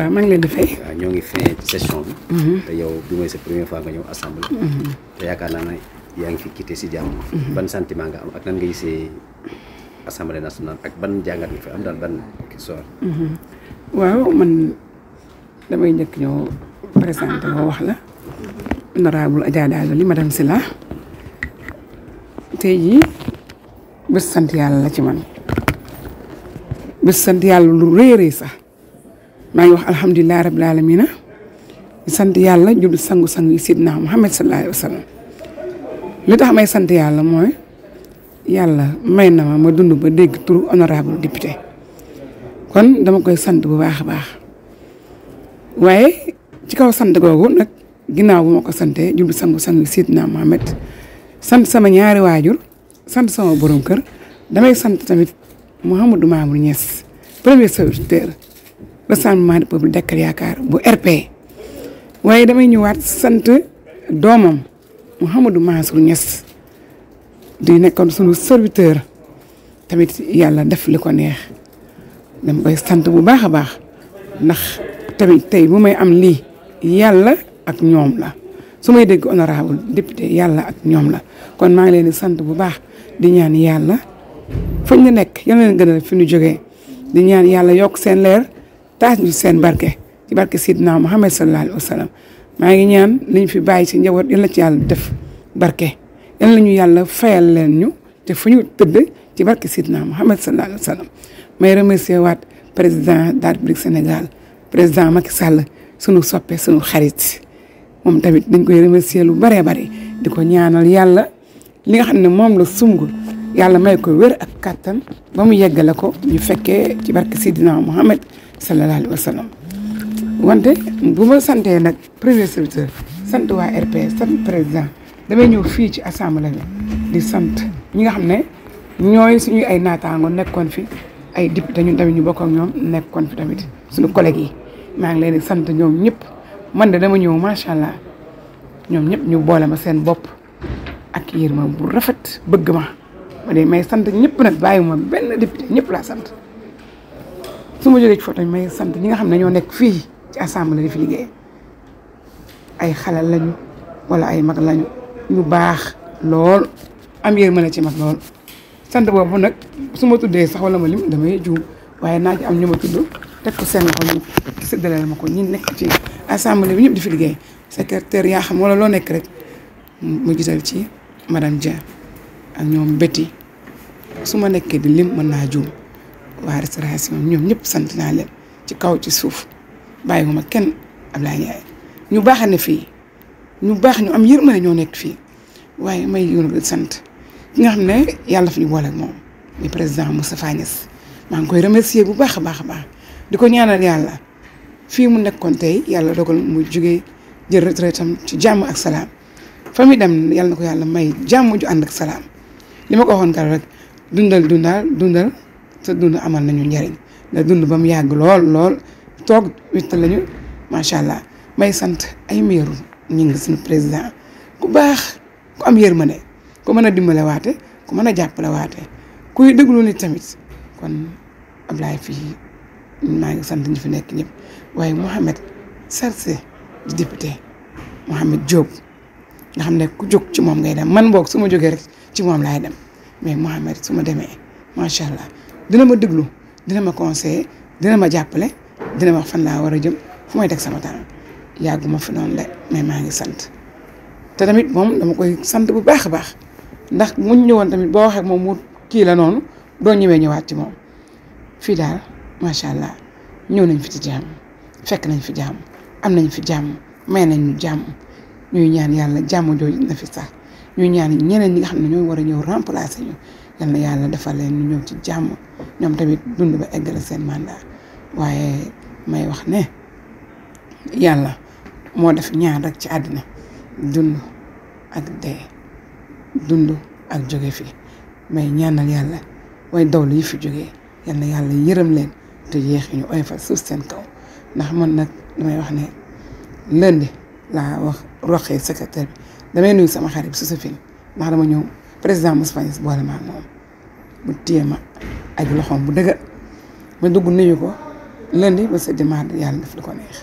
waaw maa ngi leen di fay. ñoo ngi fin session bi. Mhm. te yow bi mooy sa première fois nga ñëw assemblée. Mhm. te yaakaar naa ne yaa ngi fi si jàmm. Mhm. ban sentiment nga am ak nan nga gisee assemblée nationale ak ban jàngat nga fi am daal ban histoire. waaw man damay njëkk ñëw présenté wax la. honorable li madame tey jii bés sant yàlla la ci man bés sant yàlla lu sax. maa ngi wax alhamdulilah rabil aalamiina di sant yàlla julli sangu sangu yi sidna Muhammad sallallahu alayhi tax may sant yàlla mooy yàlla may na ma dund ba dégg turu honorable kon dama koy sant bu baax a baax waaye ci kaw sant googu nag ginnaaw bu ko santee julli sangu sangu yi sidna Muhammad sant sama ñaari waajur sant sama borom kër damay sant tamit Mouhamadou Mamour Niass premier serviteur rassemblement de peuple Dekkal Yaakaar bu RP waaye damay ñëwaat sant doomam Mouhamadou Mansour Niass di nekkoon sunu serviteur tamit yàlla def li ko neex dama koy sant bu baax a baax ndax tamit tey bu may am lii yàlla ak ñoom la su may dégg honorable député yàlla ak ñoom la kon maa ngi leen sant bu baax di ñaan yàlla fañ ñu jógee di yokk seen leer. taas ñu seen barke ci barke Sidna Muhammad sallallahu alayhi wa sallam maa ngi ñaan liñ fi bàyyi ci njaboot yal na ci yàlla def barke yal nañu yàlla fayal leen ñu te fu ñu tëdd ci barke Sidna Muhammad sallallahu alayhi wa sallam may remercier waat président de la République Sénégal président Macky Sall sunu soppe sunu xarit moom tamit dañ koy remercier lu bëree bëri di ko ñaanal yàlla li nga xam ne moom la sumb yàlla may ko wér ak kàttan ba mu yeggale ko ñu fekkee ci barke Sidina sallallahu alayhi wa wante bu ma santee nag premier serviteur sant waa RPS sant président damay ñëw fii ci assemblée bi di sant ñi nga xam ne ñooy suñu ay naataango nekkoon fi ay député ñun tamit ñu bokk ak ñoom nekkoon fi tamit suñu collègues yi maa ngi leen sant ñoom ñëpp man de dama ñëw macha allah ñoom ñëpp ñu boole ma seen bopp ak ma bu rafet bëgg ma ma de may sant ñëpp nag bàyyi ma benn député ñëpp laa sant. su ma jógee ci photo may sant ñi nga xam ne ñoo nekk fii ci assemblée di fi liggéey ay xalal lañu wala ay mag lañu ñu baax lool am yéen mën a ci mag lool sant boobu nag su ma tuddee sax wala ma lim damay juum waaye naaj ci am ñu ma tudd teg seen loxo ñu séddale ma ko ñi nekk ci assemblée bi ñëpp di fi liggéey secrétaire yaa xam wala loo nekk rek mu gisal ci madame Dia ak ñoom Betty su ma nekkee di lim mën naa juum. waa restauration ñoom ñëpp sant naa leen ci kaw ci suuf bàyyiwuma kenn Ablaye Ndiaye ñu baax ne fii ñu baax ñu am yërmande ñoo nekk fii waaye may yónni sant ki nga xam ne yàlla fi ñu boole ak moom muy président Moustapha Niasse maa ngi koy remercier bu baax a baax a baax di ko ñaanal yàlla fii mu nekkoon tey yàlla dogal mu jugee jël retraitam ci jàmm ak salaam fa muy dem yàlla na ko yàlla may jàmm ju ànd ak salaam li ma ko waxoon kar rek dundal dundal. sa dund amal nañu njariñ da dund ba mu yàgg lool lool toog witt lañu macha allah may sant ay meeru ñu ngi suñu président ku baax ku am yér ma ne ku mën a dimbale waate ku mën a jàppale waate kuy déglu ni tamit kon Ablaye fii maa ngi sant ñi fi nekk ñëpp waaye Mouhamed Sarcé di député Mouhamed Diop nga xam ne ku jóg ci moom ngay dem man boog su ma jógee rek ci moom laay dem mais Mouhamed su ma demee macha allah. dina ma déglu dina ma conseiller dina ma jàppale dina ma wax fan laa war a jëm fu may teg sama tànk yàgguma fi noonu de mais maa ngi sant te tamit moom dama koy sant bu baax a baax ndax mu ñëwoon tamit boo waxee moom mu kii la noonu doo ñëwee ñëwaat ci moom fii daal macha allah ñëw nañ fi ci jàmm fekk nañ fi jàmm am nañ fi jàmm may nañ ñu jàmm ñuy ñaan yàlla jàmm jooju na fi sax ñuy ñaan ñeneen ñi nga xam ne ñoo war a ñëw remplacer ñu. yal na yàlla defal leen ñu ñëw ci jàmm ñoom tamit dund ba eggale seen mandat waaye may wax ne yàlla moo def ñaar rek ci àddina dund ak dee dund ak jóge fi may ñaanal yàlla way dawlu yi fi jógee yal na yàlla yërëm leen te yéex ñu oy fa suuf seen kaw ndax mën nag damay wax ne lundi laa wax roqee secrétaire bi damay nuyu sama xarit su sa fin ndax dama ñëw président Moustapha Niasse boole ma moom mu téye ma ak loxoom bu dëgër ma dugg nuyu ko lundi ba seddi mardi yàlla def lu ko neex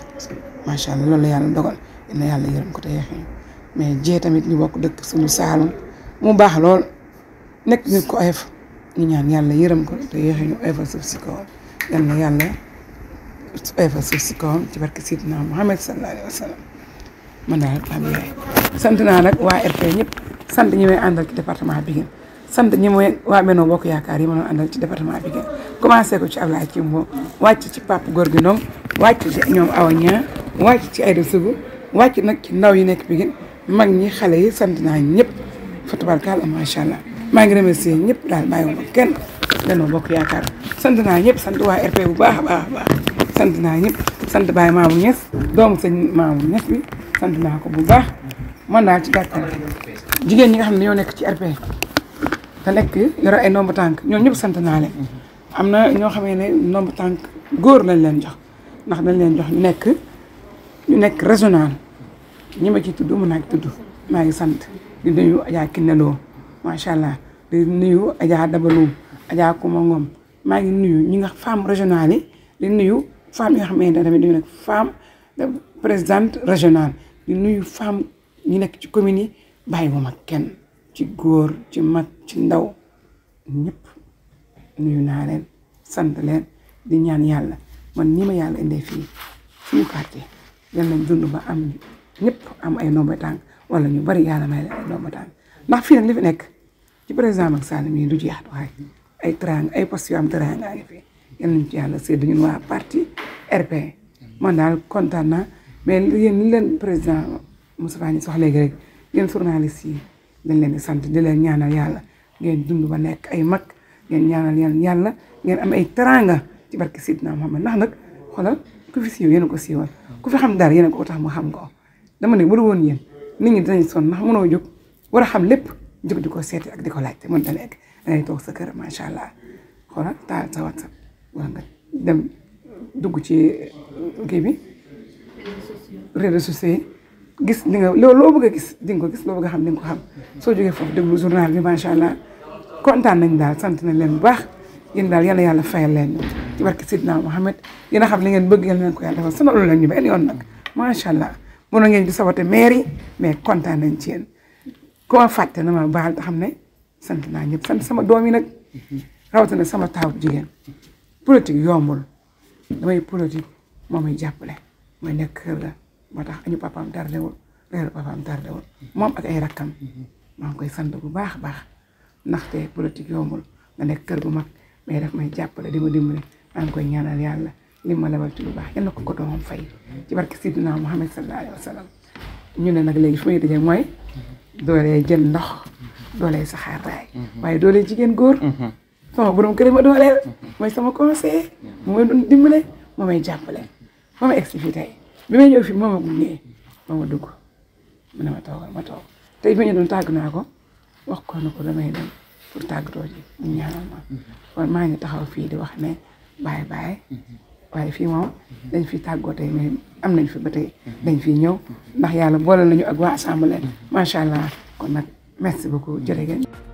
macha allah loolu yàlla dogal dina yàlla yërëm ko te yeexee mais jee tamit ñu bokk dëkk suñu saalum mu baax lool nekk nit ko oyof ñaan yàlla yërëm ko te yeexee ñu oyofal suuf si kawam yal yàlla oyofal suuf si kawam ci barke Sidna Muhammad sallallahu alayhi wa sallam man daal ak sant naa nag waa RP ñëpp. sant ñi may àndal ci département Pikine sant ñi may waa Benno Bokk Yaakaar yi ma doon àndal ci département Pikine commencé ko ci Ablaye Cimbo wàcc ci Pape Gorgui Ndong wàcc ci ñoom Awa Niang wàcc ci Aïda Sougou wàcc nag ci ndaw yi nekk Pikine mag ñi xale yi sant naa ñëpp fa tabarkaal macha allah maa ngi remercier ñëpp daal bàyyi ma kenn Benno Bokk Yaakaar sant naa ñëpp sant waa RP bu baax a sant naa ñëpp sant Baye Maamu Ñas doomu sëñ Maamu Ñas bi sant naa ko bu baax man daal ci gàttal jigéen ñi nga xam ne ñoo nekk ci RP te nekk yore ay nombre tànk ñoom ñëpp sant naa leen am na ñoo xamee ne nombre tànk góor lañ leen jox ndax dañ leen jox ñu nekk ñu nekk régional ñi ma tudd mu naa tudd maa ngi sant di nuyu Adja Kineloo macha allah di nuyu Adja Dabalou Adja Kouma Ngom maa ngi nuyu ñi nga femme régionale yi di nuyu femme yi nga xam ne tamit dañu nekk présidente régionale di nuyu femme ñi nekk ci commune yi. bàyyi bu mag kenn ci góor ci mag ci ndaw ñëpp nuyu naa leen sant leen di ñaan yàlla man nii ma yàlla indee fii suñu quartier yal nañ dund ba am ñëpp am ay ndomba tànk wala ñu bari yàlla may leen ay ndomba ndax fii nag li fi nekk ci président Macky Sall mii du jeex waaye ay teraanga ay poste yu am teraanga ngi fi yal nañ ci yàlla sédd ñun waa parti RP man daal kontaan naa mais yéen leen président Moustapha Niasse wax léegi rek yéen journaliste yi dañ leen di sant di leen ñaanal yàlla ngeen dund ba nekk ay mag ngeen ñaanal yàlla yàlla ngeen am ay teraanga ci naa moom Muhammad ndax nag xoolal ku fi siiw yéen ko siiwal ku fi xam dara yéen a ko tax mu xam ko dama ne mënu woon yéen nit ñi dinañ sonn ndax mënoo jóg war a xam lépp jóg di ko seeti ak di ko laajte nekk dangay toog sa kër macha allah xoolal taal sa WhatsApp wala nga dem dugg ci eh, kii bi réseaux gis li nga loolu loo bëgg a gis di ko gis loo bëgg a xam di nga ko xam soo jógee foofu déglu journal bi macha allah kontaan nañ daal sant nañ leen bu baax yéen daal yàlla yàlla fayal leen ñu ci barke Sidna Mohamed yéen a xam li ngeen bëgg yàlla leen ko yàlla defal sonalul leen ñu benn yoon nag macha allah mënoon ngeen di saboté mairie mais kontaan nañ ci yéen koo na ma baal te xam ne sant naa ñëpp sant sama doom yi nag rawatina sama taaw jigéen politique yombul damay politique moo may jàppale mooy nekk kër moo tax añu papaam dara lewul reeru papaam moom ak ay rakkam maa ngi koy sant bu baax a baax ndaxte politique yombul nga nekk kër gu mag mais daf may jàppale di ma dimbali maa ngi koy ñaanal yàlla ma lebal ci lu baax yal na ko ko doomam fay ci barke Sidina Muhammad sallallahu alayhi wa sallam ñu ne nag léegi mooy doolee jën ndox doolee saxaar waaye doolee jigéen góor sama borom kër ma dooleel mooy sama conseiller moo may moo jàppale ba ma egsi bi may ñëw fii moom a gunge moom a dugg mu ne ma toogal ma toog tey bi ñu doon tàgg naa ko wax ko ne ko damay dem pour tàggatoo ji mu ñaanal ma kon maa ngi taxaw fii di wax ne bàyyi bàyyi waaye fii moom dañ fi tàggoo tey am nañ fi ba tey dañ fi ñëw ndax yàlla boole nañu ak waa assemblée macha allah kon nag merci beaucoup jërëjëf.